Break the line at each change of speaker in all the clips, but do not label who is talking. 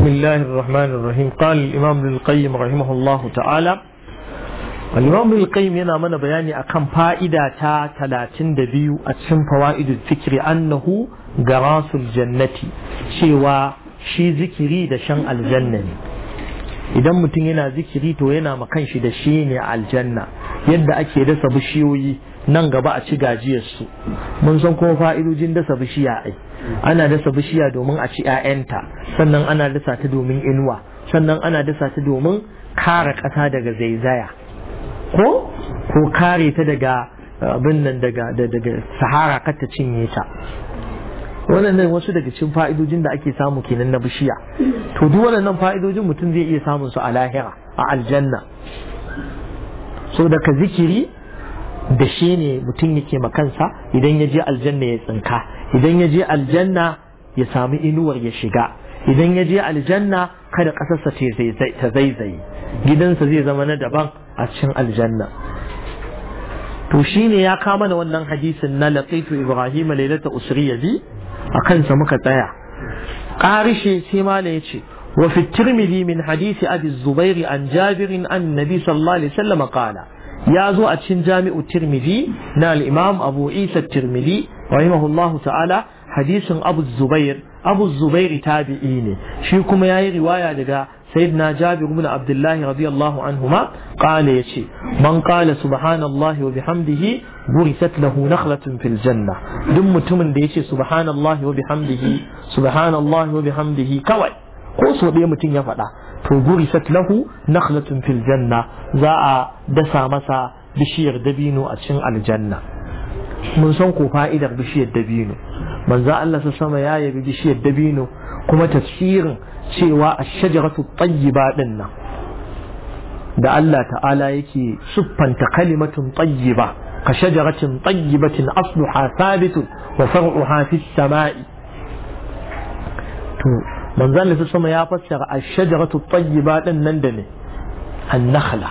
بسم الله الرحمن الرحيم قال الإمام ابن القيم رحمه الله تعالى الإمام ابن القيم هنا من بياني أكم فائدة تا تلاتين دبيو أتسم فوائد الذكر أنه جراس الجنة شوى شي ذكري دشان الجنة idan mutum yana zikiri to yana makan shi da shi ne aljanna yadda ake dasa bishiyoyi nan gaba a ci gajiyarsu mun san kuma fa'idojin dasa bishiya ai ana dasa bishiya domin a ci 'ya'yanta sannan ana dasa ta domin inuwa sannan ana dasa ta domin kare ƙasa daga zaizaya ko ko kare ta daga uh, abin nan daga daga sahara kar cinye ta waɗannan wasu daga cikin fa'idojin da ake samu kenan na bishiya to duk waɗannan fa'idojin mutum zai iya samun su a lahira a aljanna so daga zikiri da shi ne mutum yake makansa idan ya je aljanna ya tsinka idan ya je aljanna ya sami inuwar ya shiga idan ya je aljanna kada ƙasarsa ta zaizaye gidansa zai zama na daban a cikin aljanna to ne ya kama da wannan hadisin na laqitu ibrahim lailata usriya bi a kansa muka tsaya qarishe sai mala yace wa fi tirmidhi min hadisi abi zubair an jabir an nabi sallallahu alaihi wasallam qala ya zo a cikin jami'u tirmidhi na al-imam abu isa tirmidhi rahimahullahu ta'ala hadisin abu zubair abu zubair tabi'i ne shi kuma yayi riwaya daga sayyidina jabir ibn abdullah radiyallahu anhuma qala yace man qala subhanallahi wa bihamdihi burisat lahu nakhlatun fil janna duk mutumin da yace subhanallahi wa bihamdihi subhanallahi wa bihamdihi kawai ko so mutum ya faɗa to gurisat lahu nakhlatun fil janna za a dasa masa bishiyar dabino a cikin aljanna mun san ko fa'idar bishiyar dabino manzo Allah sa sama ya yabi bishiyar dabino kuma tafsirin cewa ash-shajaratu tayyiba din nan da Allah ta'ala yake siffanta kalimatun tayyiba ka shajaratin tayyibatin asluha thabitun wa far'uha fis sama'i to manzan da sama ya fassara ash-shajaratu tayyiba din nan da ne annakhla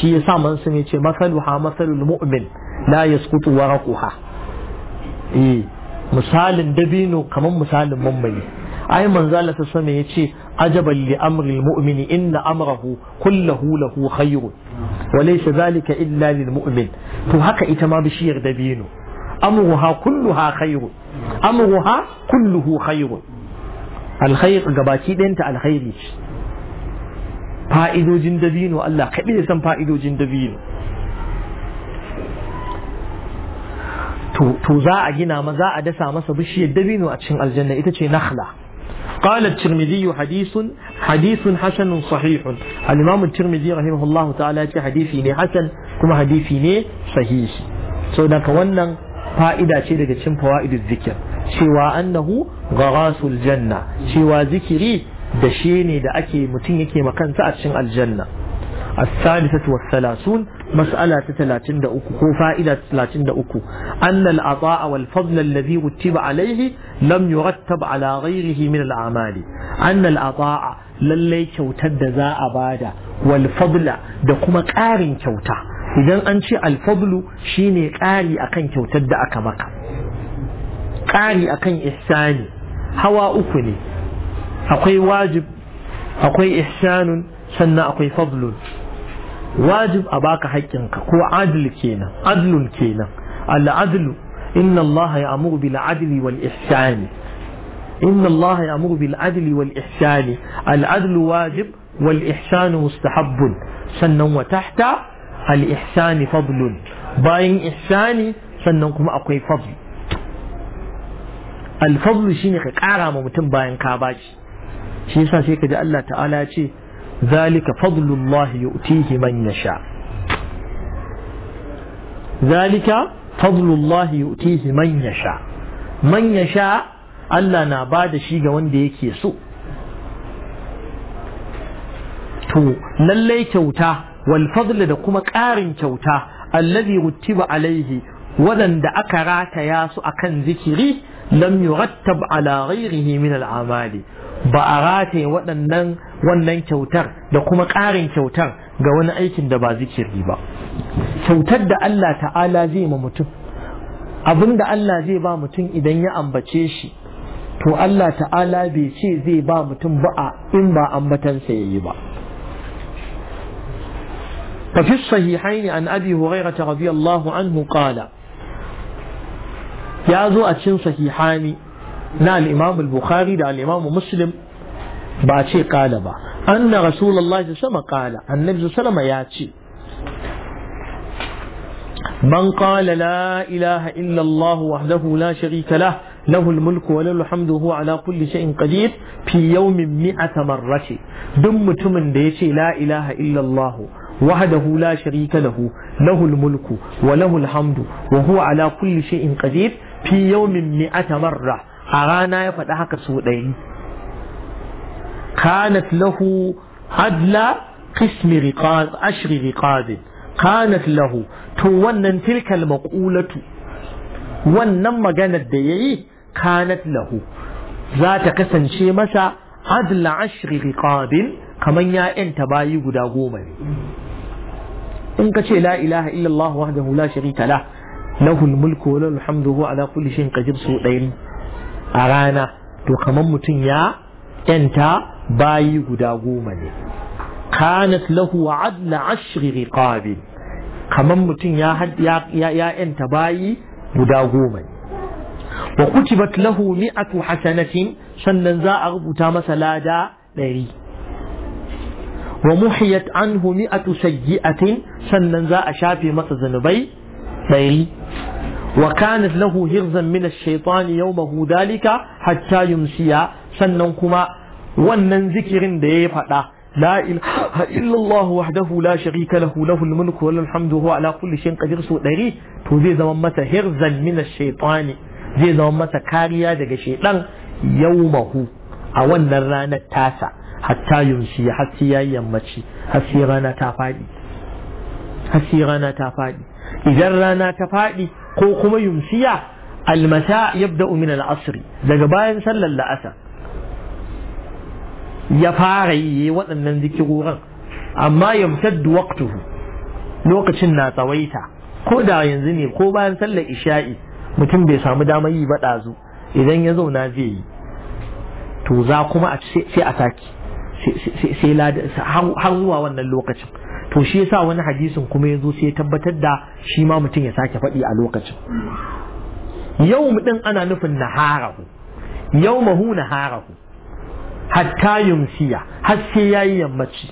shi yasa man sun yace ha masalul mu'min la yasqutu waraquha eh misalin dabino kaman misalin mummuni ai manzo Allah sama yace ajaban li amri almu'mini inna amrahu kulluhu lahu khairun wa laysa zalika illa lil mu'min to haka ita ma bishiyar dabino amruha kulluha khairun amruha kulluhu khairun alkhair gabaki ɗayan ta alkhairi fa'idojin dabino Allah kaɗi da san fa'idojin dabino to za a gina ma za a dasa masa bishiyar dabinu a cikin aljanna ita ce nakhla qalat tirmidhi hadithun hadithun hasanun sahihun al-imam tirmidhi rahimahullahu ta'ala ya ce hadisi ne hasan kuma hadisi ne sahih so daga wannan fa'ida ce daga cikin fawaidul zikr cewa أنه غراس الجنة cewa zikiri da دأكي متينيكي مكان ake الجنة الثالثة والثلاثون مسألة ثلاثين دأوكو هو فائدة ثلاثين دأوكو أن العطاء والفضل الذي رتب عليه لم يرتب على غيره من الأعمال أن العطاء للي كوتد ذا أبادا والفضل دقم قارن كوتا إذن أنشي الفضل شيني قاري أكن كوتد أكمك ƙari akan ihsani hawa uku ne akwai wajib akwai ihsanun sannan akwai fadlun wajib a baka haƙƙinka ko adl kenan adlun kenan al adlu inna Allah ya amuru bil adli wal ihsani inna Allah ya amuru bil adli wal ihsani adlu wajib wal ihsanu mustahabbun sannan wa tahta al ihsani fadlun bayan ihsani sannan kuma akwai fadl alfadlu shine ka ƙara ma mutum bayan ka bashi shi yasa sai ka ji Allah ta'ala ya ce zalika fadlullahi yu'tihi man yasha zalika fadlullahi yu'tihi man yasha man yasha Allah na ba da shi ga wanda yake so to lallai kyauta wal fadl da kuma ƙarin kyauta allazi rutiba alaihi waɗanda aka rataya su akan zikiri lam yurattab ala ghairihi min amali ba a rataye waɗannan wannan kyautar da kuma ƙarin kyautar ga wani aikin da ba zikiri ba kyautar da Allah ta'ala zai mutum abin da Allah zai ba mutum idan ya ambace shi to Allah ta'ala bai ce zai ba mutum ba in ba ambatansa ya yi ba ففي الصحيحين عن أبي هريرة رضي الله عنه قال ya zo a cin sahihani na al-imam al-bukhari da al-imam muslim ba ce kala ba anna rasulullahi sama kala annabi sallama ya ce من قال لا إله إلا الله وحده لا شريك له له الملك وله الحمد وهو على كل شيء قدير في يوم مئة مرة دم متمن ديشي لا إله إلا الله وحده لا شريك له له الملك وله الحمد وهو على كل شيء قدير fi yawmin mi'ata marra a rana ya faɗi haka sau ɗari kanat lahu adla qismi riqaz ashri riqaz kanat lahu to wannan tilkal maqulatu wannan maganar da yayi kanat lahu za ta kasance masa adla ashri riqabin kaman ya yanta bayi guda goma ne in ka ce la ilaha illallah wahdahu la sharika lah له الملك وله الحمد وهو على كل شيء قدير سوءين أرانا تو كمان متين يا أنت باي غدا غومني كانت له عدل عشر رقاب كمان متين يا حد يا يا يا أنت باي غدا غومني وكتبت له مئة حسنة شنن زاء غبتا مثلا دا لري ومحيت عنه مئة سيئة شنن زاء شافي مثلا ɗari wa kanat lahu hirzan min ash-shaytani yawmahu dalika hatta yumsiya sannan kuma wannan zikirin da ya faɗa la ilaha illallah wahdahu la sharika lahu lahul mulku wa lahul hamdu huwa ala kulli shay'in qadir su ɗari to zai zama masa hirzan min ash-shaytani zai zama masa kariya daga shaytan yawmahu a wannan ranar tasa hatta yumsiya har sai yayi yammaci har sai rana ta faɗi har sai rana ta faɗi idan rana ta faɗi ko kuma yumsiya almasa yabda min al'asri daga bayan sallar la'asar ya fara yi waɗannan zikirorin amma yamtaddu waqtuhu lokacin na tsawaita ko da yanzu ne ko bayan sallar isha'i mutum bai samu damar yi ba ɗazu idan ya zauna zai yi to za kuma sai a saki sai har zuwa wannan lokacin to shi yasa wani hadisin kuma ya zo sai ya tabbatar da shi ma mutum ya sake faɗi a lokacin yau ɗin ana nufin naharahu yau mahu naharahu hatta yumsiya har sai yayi yammaci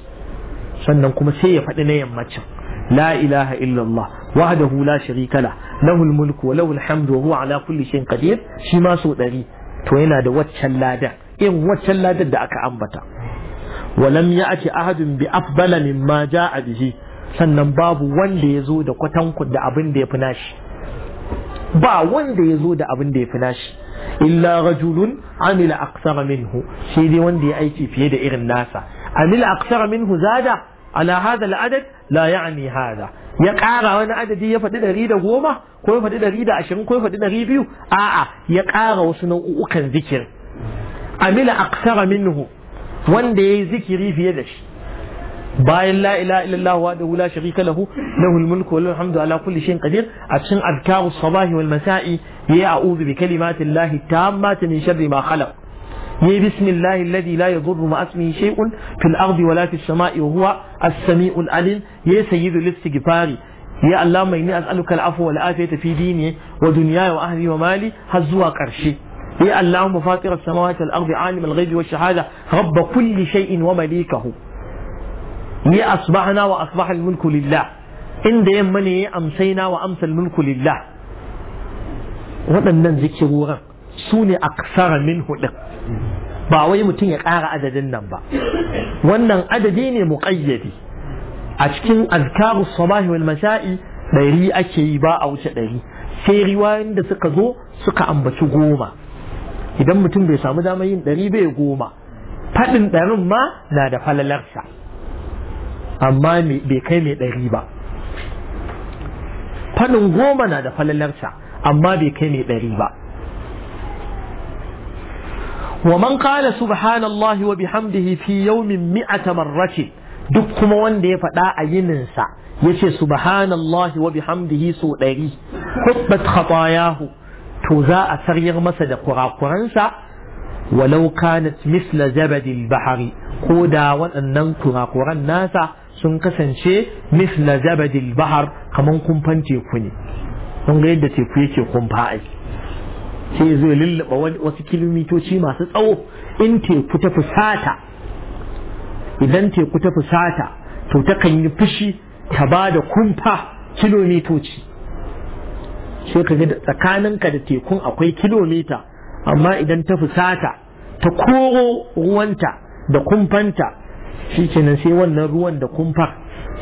sannan kuma sai ya faɗi na yammacin la ilaha illallah wahdahu la sharika la lahul mulku wa lahul hamdu wa huwa ala kulli shay'in qadir shi ma so ɗari to yana da waccan ladan in waccan ladan da aka ambata ولم يأتي أحد بأفضل مما جاء به sannan babu wanda ya zo da kwatan da abin da ya fi nashi ba wanda ya zo da abin da ya fi nashi illa rajulun amila aksara minhu shi dai wanda ya aiki fiye da irin nasa amila aksara minhu zada ala hadha al'adad la ya'ni hadha ya ƙara wani adadi ya faɗi ɗari da goma ko ya faɗi ɗari da ashirin ko ya faɗi ɗari biyu a'a ya ƙara wasu nau'ukan zikir amila aksara minhu wanda ya yi zikiri fiye da shi bayan la ilaha illallah wa da la sharika lahu lahul mulku wal hamdu ala kulli shay'in qadir a cikin adkaru sabah wal masa'i yayi a'udhu bi kalimati llahi tammati min sharri ma khalaq yayi bismillah alladhi la yadurru ma ismihi shay'un fil ardi wala fis sama'i wa huwa as-sami'ul alim yayi sayyidul istighfari ya Allah mai ni as'aluka al'afwa wal afiyata fi dini wa dunyaya wa ahli wa mali har zuwa karshe يا اللهم فاطر السماوات والأرض عالم الغيب والشهادة رب كل شيء ومليكه يا أصبحنا وأصبح الملك لله إن يمني أمسينا وأمس الملك لله waɗannan zikirorin su ne a ƙasara min huɗu, ba wai mutum ya ƙara adadin nan ba wannan adadi ne muƙayyadi a cikin azkaru sabahi wal masha'i ɗari ake yi ba a wuce ɗari sai riwayoyin da suka zo suka ambaci goma idan mutum bai samu damar yin ɗari bai goma faɗin ɗarin ma na da falalarsa amma bai kai mai ɗari ba faɗin goma na da falalarsa amma bai kai mai ɗari ba ومن قال سبحان الله وبحمده في يوم مئة مرة duk kuma wanda ya faɗa a yininsa ya ce subhanallahi wa bihamdihi so ɗari hubbat khatayahu to za a saryar masa da kurakuransa walau kanat misla zabadil bahari ko da waɗannan kurakuran nasa sun kasance misla zabadil bahar Kamar kumfan teku ne Sun ga yadda teku yake kumfa ai sai zo lullaba wasu kilomitoci masu tsawo in teku ta fusata idan teku ta fusata to takan yi fushi ta ba da kumfa kilomitoci sai ka ga tsakaninka da tekun akwai kilomita amma idan ta fusata ta koro ruwanta da kumfanta shi kenan sai wannan ruwan da kumfa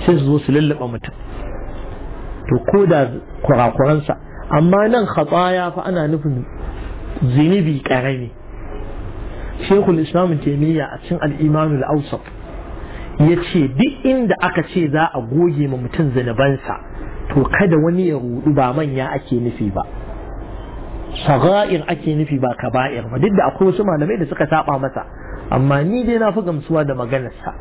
sai su zo su lullaba mutum to ko da kurakuransa amma nan ya fa ana nufin zinibi karami shekul islam taimiyya a cikin al'imanul ausaf ya ce duk inda aka ce za a goge ma mutum zinibansa. to kada wani ya rudu ba manya ake nufi ba shaga'ir ake nufi ba kaba'ir ba duk da akwai wasu malamai da suka saba masa amma ni dai na fi gamsuwa da maganarsa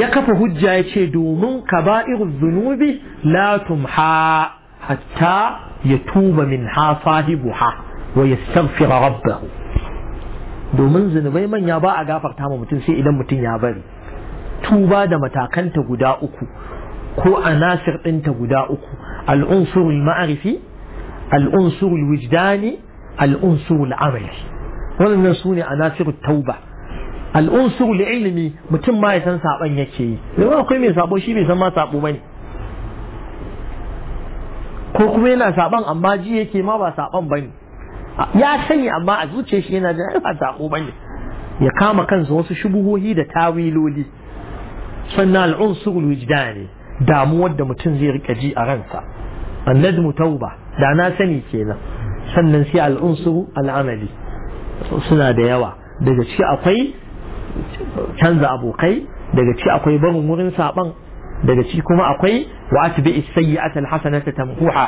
ya kafa hujja ya ce domin kaba'ir zunubi la tumha hatta ya tuba min ha sahibuha wa yastaghfira rabbahu domin zunubai manya ba a gafarta ma mutum sai idan mutum ya bari tuba da matakanta guda uku ko a anasir ɗinta guda uku al'unsurul ma'arifi al'unsurul wujdani al'unsurul amali wannan su ne anasirul tauba al'unsurul ilimi mutum ma ya san saɓon yake yi zama akwai mai sabo shi bai san ma sabo bane ko kuma yana saɓon amma ji yake ma ba saɓon bane ya sani amma a zuciyar shi yana jin ba sabo bane ya kama kansa wasu shubuhohi da tawiloli sannan al'unsurul wujdani damuwar da mutum zai rika ji a ransa annajmu tauba da na sani kenan sannan sai al'unsuru al'amali suna da yawa daga ciki akwai canza abokai daga ciki akwai barin wurin saban daga ciki kuma akwai wa atbi as-sayyi'ata al-hasanata tamhuha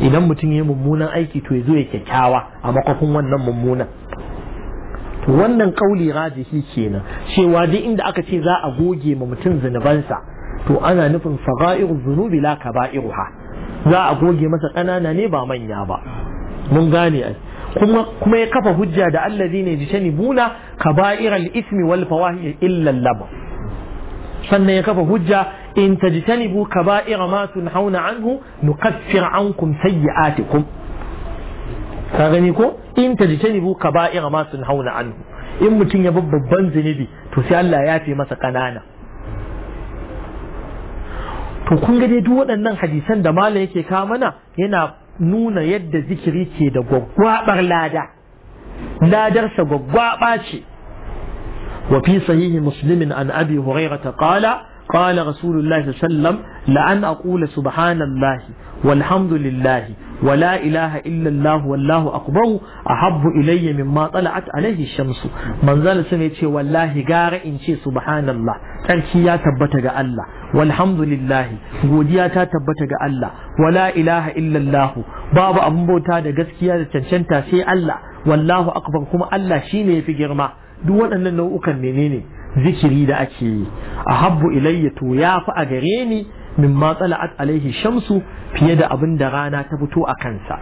idan mutum ya mummunan aiki to ya zo ya kyakkyawa a makofin wannan mummunan wannan kauli rajihi kenan cewa duk inda aka ce za a goge ma mutum zunubansa to ana nufin saga'irul zunubi la kaba'iruha za a goge masa kanana ne ba manya ba mun gane ai kuma kuma ya kafa hujja da allazi ne ji tani buna kaba'iral ismi wal fawahi illa lab sannan ya kafa hujja in tajtani bu kaba'ira ma tunhauna anhu nukaffir ankum sayi'atikum ka gani ko in tajtani bu kaba'ira ma tunhauna anhu in mutun ya babban zunubi to sai Allah ya fi masa kanana to kun ga duk waɗannan hadisan da malam yake kawo mana yana nuna yadda zikiri ke da gwaggwabar lada ladarsa gwaggwaba ce wa sahihi muslimin an abi hurairah ta qala qala rasulullahi sallam la an aqula subhanallahi walhamdulillahi wa ilaha illa allah wallahu akbar ahabbu ilayya mimma tala'at alayhi shamsu manzal sun ce wallahi gara in ce subhanallah sarki ya tabbata ga allah walhamdulillah godiya ta tabbata ga Allah wala ilaha illallah babu abin bauta da gaskiya da cancanta sai Allah wallahu akbar kuma Allah shine yafi girma duk waɗannan nau'ukan menene zikiri da ake yi ahabbu ilayya to ya fi a gare ni mimma tsala'at alaihi shamsu fiye da abin da rana ta fito a kansa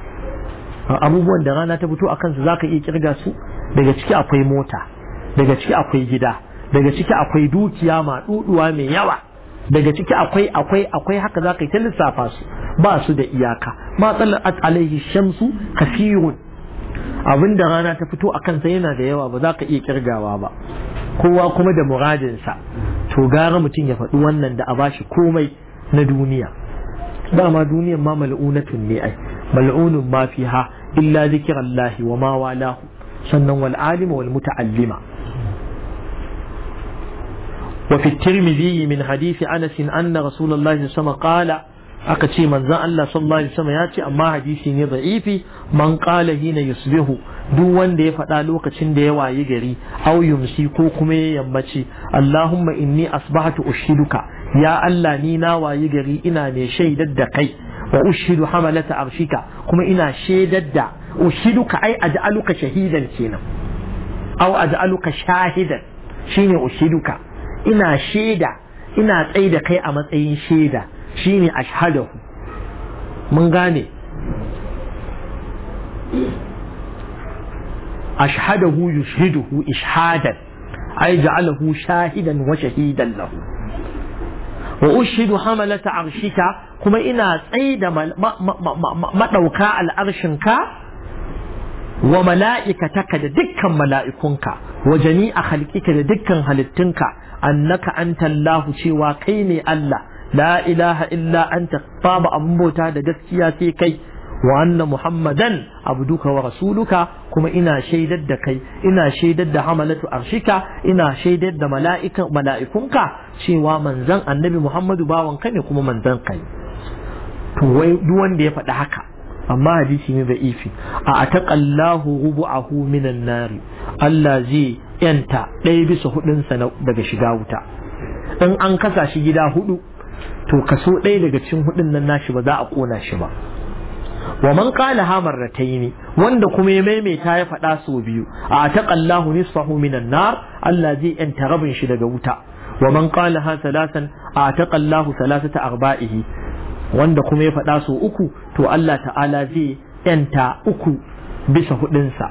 abubuwan da rana ta fito a kansa zaka iya kirga su daga ciki akwai mota daga ciki akwai gida daga ciki akwai dukiya maɗuɗuwa mai yawa daga ciki akwai akwai akwai haka za ka yi ta lissafa su ba su da iyaka ma tsallat alaihi shamsu kafiyun abin da rana ta fito a kansa yana da yawa ba za ka iya kirgawa ba kowa kuma da muradinsa to gara mutum ya faɗi wannan da a bashi komai na duniya dama duniyar ma mal'unatun ne ai mal'unun ma ha illa zikirallahi wa ma walahu sannan wal alima wal muta'allima وفي الترمذي من حديث أنس أن رسول الله صلى الله عليه وسلم قال أكتي من زال الله صلى الله عليه وسلم ياتي أما حديثي ضعيف من قال هنا يصبح دو وان دي فتالو كتن دي وايجري أو يمسي كوكمي يمتي اللهم إني أصبحت أشهدك يا الله نينا وايجري إنا نشيد الدقي وأشهد حملة عرشك كما إنا شيد الدع أشهدك أي أجعلك شهيدا كينا أو أجعلك شاهدا شيني أشهدك أشهدك ina shaida ina tsaye da kai a matsayin shaida shine ashhadahu mun gane ashhadahu yushhiduhu ishhadan ay ja'alahu shahidan wa shahidan lahu wa ushidu hamalata arshika kuma ina tsaye da madauka al'arshinka wa mala'ikataka da dukkan mala'ikunka wa jami'a halkika da dukkan halittunka annaka anta Allah cewa kai ne Allah la ilaha illa anta babu bauta da gaskiya sai kai wa anna muhammadan abduka wa rasuluka kuma ina shaidar da kai ina shaidar da hamalatu arshika ina shaidar da mala'ikan mala'ikunka cewa manzan annabi muhammadu bawanka ne kuma manzon kai to wai duk wanda ya faɗi haka amma hadisi ne da ifi a ataqallahu rubu'ahu minan nari Allah zai yanta ɗaya bisa hudunsa daga shiga wuta in an kasa shi gida hudu to kaso ɗaya daga cikin hudun nan nashi ba za a ƙona shi ba wa man qala ha marrataini wanda kuma ya maimaita ya faɗa sau biyu a taqallahu nisfahu minan nar Allah zai yanta rabin shi daga wuta wa man qala ha salasan a taqallahu salasata arbaihi wanda kuma ya faɗa su uku to Allah ta'ala zai yanta uku bisa hudunsa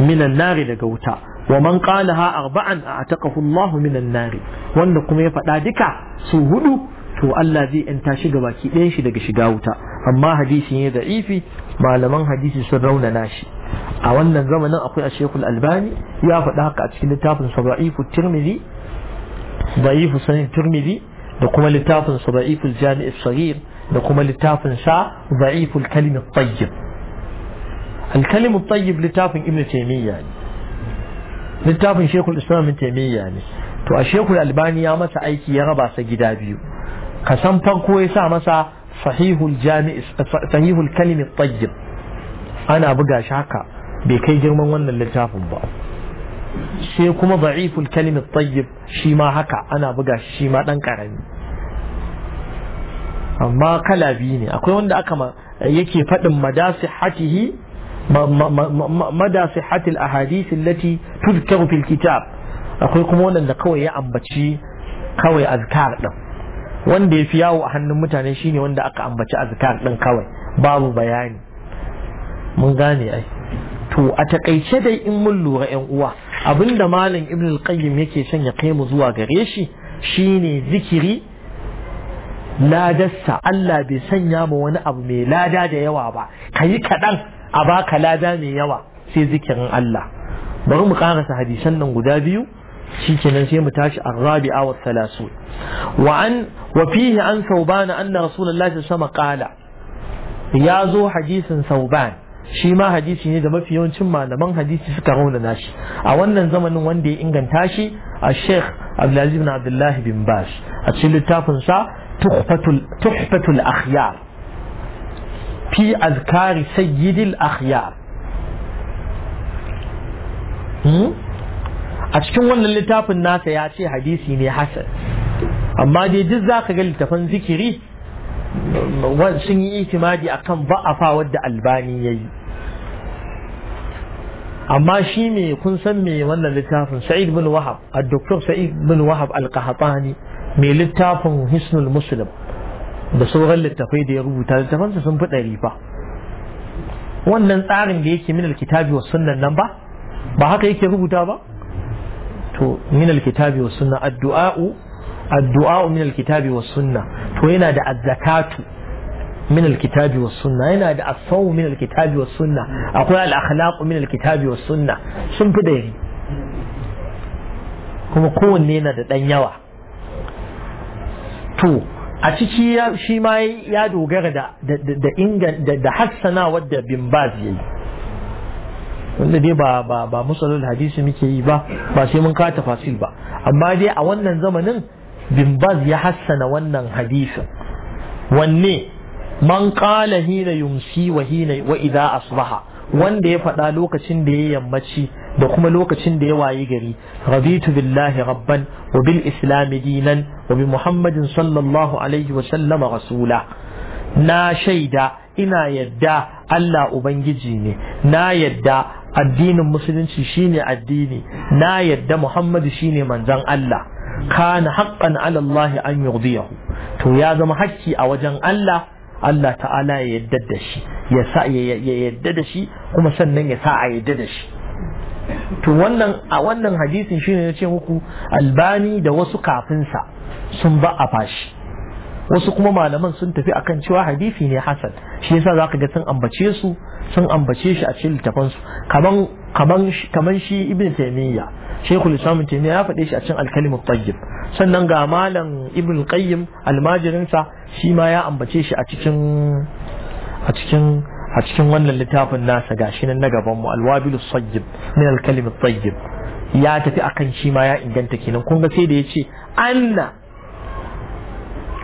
minan nari daga wuta wa man ha arba'an a'taqahu Allah minan nari wanda kuma ya faɗa duka su hudu to Allah zai yanta shi ga baki ɗayan shi daga shiga wuta amma hadisi ne za'ifi, malaman hadisi sun raunana shi a wannan zamanin akwai a shekul albani ya faɗa haka a cikin littafin sa da'ifu tirmidhi da'ifu sanin tirmidhi da kuma littafin sa da'iful jami'i sagir da kuma littafin sa da'iful kalim at-tayyib al-kalim at-tayyib littafin ibnu taymiya ne littafin shaykhul islam ibnu taymiya ne to a shaykhul albani ya masa aiki ya raba sa gida biyu ka san farko ya sa masa sahihul jami'i sahihul kalim at-tayyib ana buga shi haka bai kai girman wannan littafin ba sai kuma da'iful kalim tayyib shi ma haka ana buga shi ma dan karami amma kala biyu ne akwai wanda aka yake faɗin madasihatihi madasihatil ahadith allati tuzkaru fil kitab akwai kuma wanda kawai ya ambaci kawai azkar din wanda ya fi yawo a hannun mutane shine wanda aka ambaci azkar din kawai babu bayani mun gane ai to a takaice dai in mun lura yan uwa abinda malam ibn al-qayyim yake son ya kai mu zuwa gare shi shine zikiri ladarsa Allah bai sanya ma wani abu mai lada da yawa ba kayi kaɗan a baka lada mai yawa sai zikirin Allah bari mu karasa hadisan nan guda biyu shikenan sai mu tashi ar-rabi'a wa thalathun wa an wa fihi an sauban anna rasulullahi sallallahu alaihi wasallam qala ya zo hadisin sauban shi ma hadisi ne da mafi yawancin malaman hadisi suka raunana shi a wannan zamanin wanda ya inganta shi a sheikh abdulaziz bin abdullahi bin bash a cikin littafin sa tuhfatul akhyar fi azkari sayyidil akhyar hmm? a cikin wannan littafin nasa ya ce hadisi ne hasan amma dai duk zaka ga littafan zikiri sun yi itimadi akan ba'afa wadda albani ya yi amma shi me kun san me wannan littafin sa'id bin wahab a doktor sa'id bin wahab al-qahtani mai littafin hisnul muslim da sauran littafai da ya rubuta littafansa sun fi ɗari fa wannan tsarin da yake min alkitabi wa sunan nan ba ba haka yake rubuta ba to min alkitabi wa sunna addu'a'u, addu'a'u min alkitabi wa sunna to yana da azzakatu min alkitabi wa sunna yana da asawu min alkitabi wa sunna akwai al-akhlaq min alkitabi wa sunna sun fi da kuma kowanne yana da dan yawa to a ciki shi ma ya dogara da da da hassana wadda bin baz yayi wanda dai ba ba ba musalul hadisi muke yi ba ba sai mun ka tafasil ba amma dai a wannan zamanin bin baz ya hassana wannan hadisin wanne man hira hina yumsi wa hina wa idza asbaha wanda ya faɗa lokacin da ya yammaci da kuma lokacin da ya wayi gari rabitu billahi rabban wa bil islami dinan wa bi muhammadin sallallahu alaihi wa sallama rasula na shaida ina yadda Allah ubangiji ne na yadda addinin musulunci shine addini na yadda muhammadu shine manzon Allah kana haƙƙan ala an an yurdiyahu to ya zama hakki a wajen Allah Allah ta'ala ya yadda da shi ya sa ya yadda da shi kuma sannan ya sa a yadda da shi to wannan a wannan hadisin shine ya ce muku albani da wasu kafinsa sun ba a fashi wasu kuma malaman sun tafi akan cewa hadisi ne hasan shi yasa zaka ga sun ambace su sun ambace shi a cikin littafansu kaman kaman shi ibn Taymiya shaykhul islam Taymiya ya faɗe shi a cikin alkalimin tayyib sannan ga malam ibn qayyim almajirinsa shi ma ya ambace shi a cikin a cikin a cikin wannan littafin nasa gashi nan na gaban mu alwabilu sayyib min alkalimin tayyib ya tafi akan shi ma ya inganta kenan kun ga sai da yace anna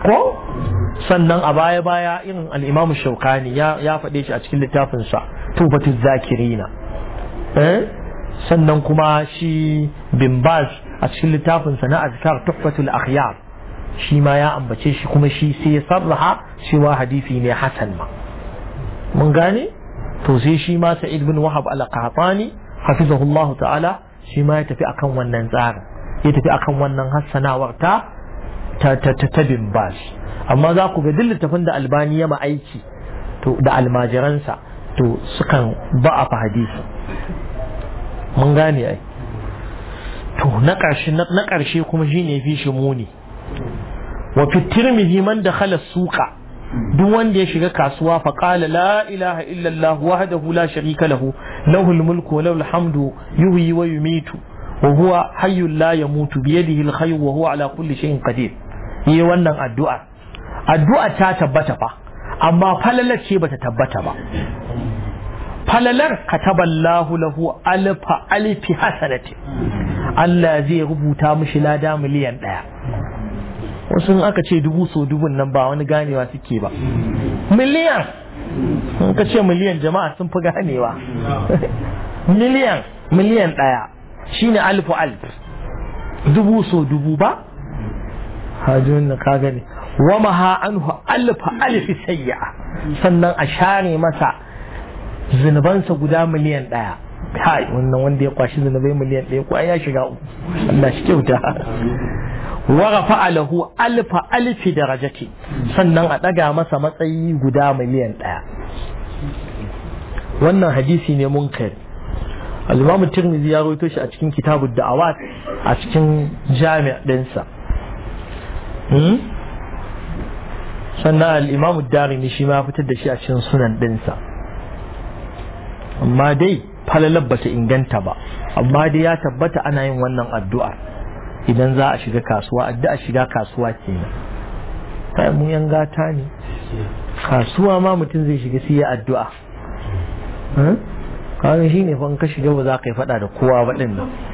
ko sannan a baya baya irin al-imam shaukani ya ya faɗe shi a cikin sa tubatuz zakirina Eh? sannan kuma shi bin a cikin littafin sa na azkar tuhfatul akhyar shi ma ya ambace shi kuma shi sai ya sarraha cewa hadisi ne hasan ma mun gane to sai shi ma sa'id bin wahab al-qahtani hafizahullah ta'ala shi ma ya tafi akan wannan tsarin ya tafi akan wannan hassanawar ta ta ta bin baz amma za ku ga duk littafin da albani ya ma aiki to da almajiransa to sukan ba a fa hadisi mun gane ai to na ƙarshe na ƙarshe kuma shine fi shi muni wa fi tirmidhi da dakhala suqa duk wanda ya shiga kasuwa fa qala la ilaha illa allah wahdahu la sharika lahu lahul mulku wa lahul hamdu yuhyi wa yumitu wa huwa hayyul la yamutu bi yadihi al wa huwa ala kulli shay'in qadir yi wannan addu'a addu'a ta tabbata fa amma falalar ce bata tabbata ba falalar kataballahu lahu alfa alfi hasanati Allah zai rubuta mishi lada miliyan daya wasu in aka ce dubu so dubun nan ba wani ganewa suke ba miliyan in ka ce miliyan jama'a sun fi ganewa miliyan miliyan ɗaya shine alfu alf dubu so dubu ba hajjun na ka gani wa maha anhu alfa alfi sayya sannan a share masa zunubansa guda miliyan ɗaya kai wannan wanda ya kwashi zunubai miliyan ɗaya ko ya shiga uku Allah shi kyauta wa rafa'a lahu alfa alfi darajati sannan a ɗaga masa matsayi guda miliyan ɗaya wannan hadisi ne kai al-imam tirmidhi ya rawaito shi a cikin Kitabu da'awat a cikin jami' ɗinsa hmm? sannan al Dari darimi shi ma fitar da shi a cikin sunan ɗinsa amma dai falalar bata inganta ba amma dai ya tabbata ana yin wannan addu'a idan za a shiga kasuwa addu'a shiga kasuwa kenan kai mu yan gata ne kasuwa ma mutum zai shiga sai ya addu'a hmm? kawai shine fa in ka shiga ba za ka yi fada da kowa ba din nan